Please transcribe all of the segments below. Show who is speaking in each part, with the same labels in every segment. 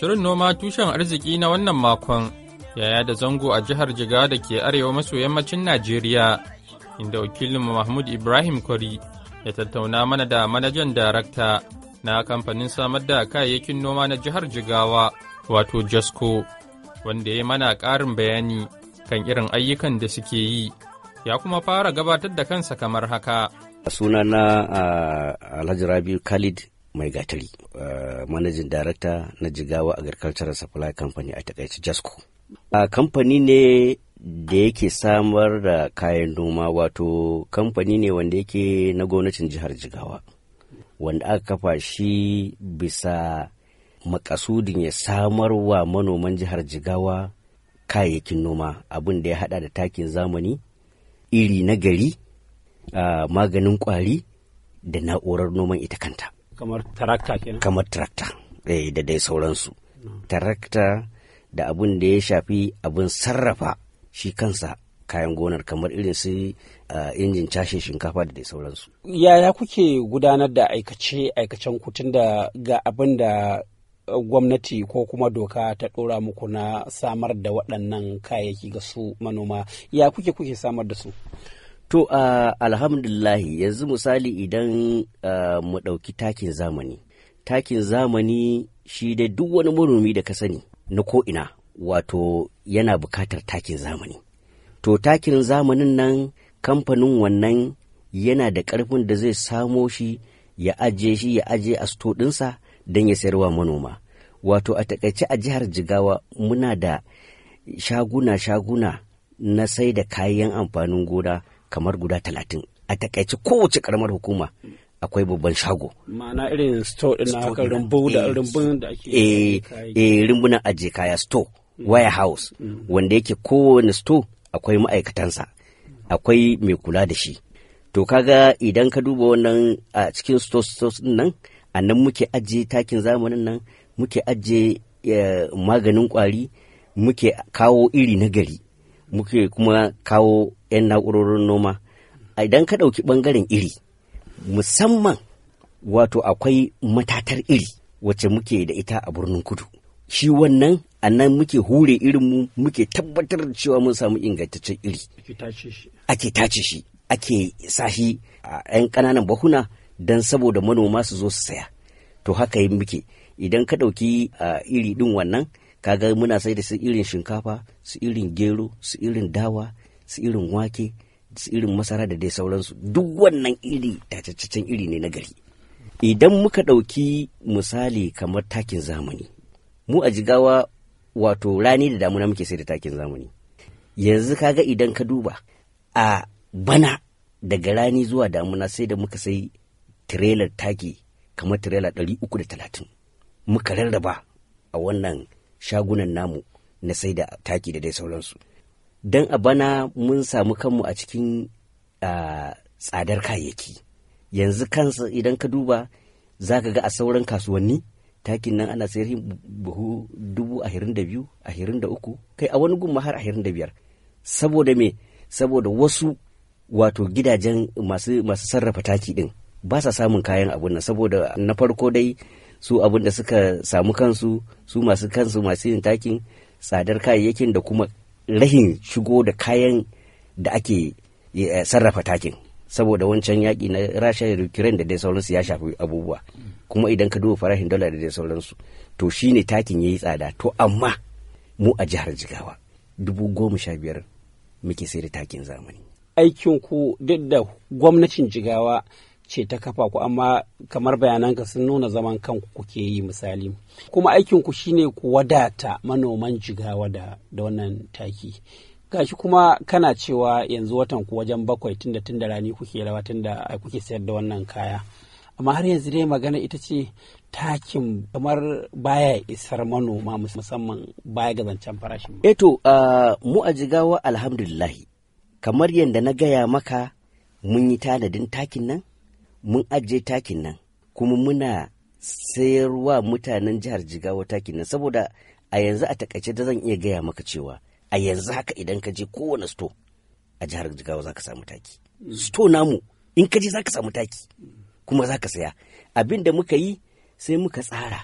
Speaker 1: Shirin noma tushen arziki na wannan makon yaya da zango a jihar Jigawa da ke arewa maso yammacin Najeriya, inda wakilin Mahmud Ibrahim Kwari ya tattauna mana da manajan darakta na kamfanin samar da kayayyakin noma na jihar Jigawa, wato Jasko, wanda ya mana ƙarin bayani kan irin ayyukan da suke yi, ya kuma fara gabatar da kansa kamar haka.
Speaker 2: Sunana ah, Alhaji Rabi Khalid mai gatari eh, manajin darakta na jigawa agricultural supply company a takaice Jasko. a kamfani ne da yake samar da kayan noma wato kamfani ne wanda yake na gwamnatin jihar jigawa wanda aka kafa shi bisa makasudin ya samar wa manoman jihar jigawa kayayyakin noma abin da ya hada da takin zamani iri na gari ah, maganin kwari da na'urar noman ita kanta kamar tarakta kenan kamar tarakta eh da dai sauransu tarakta da abun da ya shafi abin sarrafa shi kansa kayan gonar kamar irin su eh, injin cashe shinkafa da dai sauransu. Yaya kuke gudanar da aikace aikacen kutun da ga abin da gwamnati ko kuma doka ta ɗora muku na samar da waɗannan kayayyaki ga su manoma ya kuke kuke samar da su? To uh, alhamdulillahi yanzu misali idan uh, mu ɗauki takin zamani. Takin zamani shi da duk wani manomi da ka sani na ko'ina wato yana bukatar takin zamani. To takin zamanin nan kamfanin wannan yana da ƙarfin da zai samo shi ya ajiye shi ya ajiye a sto ɗinsa don ya sayarwa manoma. Wato a takaice a jihar Jigawa muna da shaguna-shaguna na sai da kayan amfanin gona. kamar guda talatin a takaice kowace karamar hukuma akwai babban shago ma'ana irin store din haka rumbu da eh, rumbun da ake eh eh rumbunan aje kaya store mm. warehouse mm. wanda yake kowane store akwai ma'aikatansa akwai mai kula da shi to kaga idan ka duba wannan a cikin stores nan din nan muke ajiye takin zamanin nan muke ajiye eh, maganin kwari muke kawo iri na gari muke kuma kawo 'yan na'urorin noma idan ka ɗauki ɓangaren iri musamman wato akwai matatar iri wacce muke da ita a birnin kudu shi wannan a nan muke hure irinmu muke tabbatar da cewa mun samu ingantaccen iri ake tace shi ake sa shi a 'yan ƙananan bahuna don saboda manoma su zo su saya to haka yi muke idan ka ɗauki iri ɗin wannan kaga muna sai da su irin shinkafa su irin gero su irin dawa su irin wake su irin masara da dai sauransu duk wannan iri tataccen iri ne na gari idan muka ɗauki misali kamar takin zamani mu a jigawa wato rani da damuna muke sai da takin zamani yanzu kaga idan ka duba a bana daga rani zuwa damuna sai da muka sai tirelar taki kamar tirela ɗari uku da talatin muka rarraba a wannan shagunan namu na sai da taki da dai sauransu don a bana mun samu kanmu a cikin tsadar kayayyaki yanzu kansa idan ka duba za ka ga a sauran kasuwanni takin nan ana sayar buhu dubu ahirin da biyu ahirin da uku kai a wani gumma har ahirin da biyar saboda me saboda wasu wato gidajen masu, sarrafa taki din ba sa samun kayan abun nan saboda na farko dai su abin da suka samu kansu su masu kansu masu yin takin tsadar kayayyakin da kuma rahin shigo da kayan da ake eh, sarrafa takin saboda wancan yaƙi na rasha da ukraine da dai sauransu ya shafi abubuwa kuma idan ka duba farashin dala da dai sauransu to shine takin ya yi tsada to amma mu a jihar jigawa dubu goma sha biyar muke sai da takin zamani aikin ku duk da gwamnatin jigawa ce ta kafa ku amma kamar bayananka sun nuna zaman kanku kuke yi misali kuma aikin ku shine ku wadata manoman jigawa da wannan taki gashi kuma kana cewa yanzu watan ku wajen bakwai tunda tunda rani kuke rawa tunda kuke sayar da wannan kaya amma har yanzu dai magana ita ce takin kamar baya isar manoma musamman baya ga zancen farashin eto eh to mu a jigawa alhamdulillahi kamar yadda na gaya maka mun yi tanadin takin nan mun ajiye takin nan kuma muna sayarwa mutanen jihar jigawa takin nan saboda a yanzu a takaice da zan iya gaya maka cewa a yanzu haka idan ka je kowane sto a jihar jigawa za ka samu taki sto namu in ka je za ka samu taki kuma za ka saya abin da muka yi sai muka tsara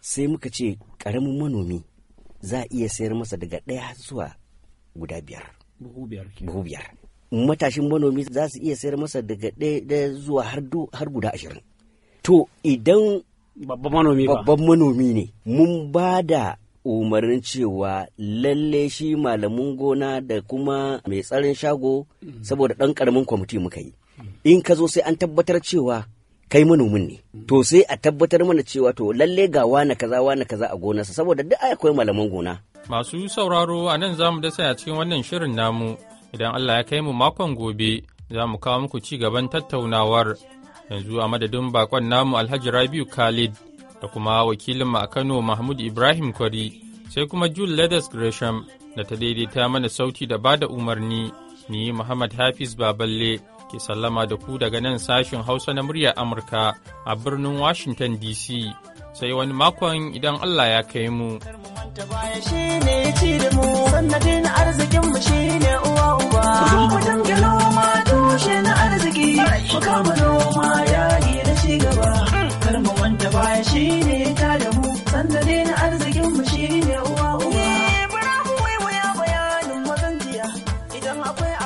Speaker 2: sai muka ce ƙaramin manomi za a iya sayar masa daga ɗaya zuwa guda biyar biyar matashin manomi za su iya sayar masa daga ɗaya zuwa har guda ashirin to idan babban manomi ne mun ba da umarnin cewa lalle shi malamin gona da kuma mai tsarin shago saboda ɗan ƙaramin kwamiti muka yi in ka zo sai an tabbatar cewa kai manomin ne to sai a tabbatar mana cewa to lalle ga wane kaza wane kaza a gonarsa saboda duk akwai malaman gona
Speaker 1: masu sauraro a nan zamu mu dasa cikin wannan shirin namu idan Allah ya kai mu makon gobe za mu kawo muku ci gaban tattaunawar yanzu a madadin bakon namu Alhaji Rabiu Khalid da kuma wakilin mu a Kano Mahmud Ibrahim Kwari sai kuma jul Leathers Gresham da ta daidaita mana sauti da ba da umarni ni Muhammad Hafiz Baballe ke sallama da ku daga nan sashin Hausa na muryar Amurka a birnin Washington DC sai wani makon idan Allah ya kai mu.
Speaker 2: ta baya shi ne ya ci da mu sannadin arzikin mu shi ne uwa uba mu dinga noma tushe na arziki mu kama noma yayi na ci kar mu wanda baya shi ne ya ta da mu sannadin arzikin mu shi ne uwa uba. Eh, Bara mu waiwaya bayanin mazanjiya idan akwai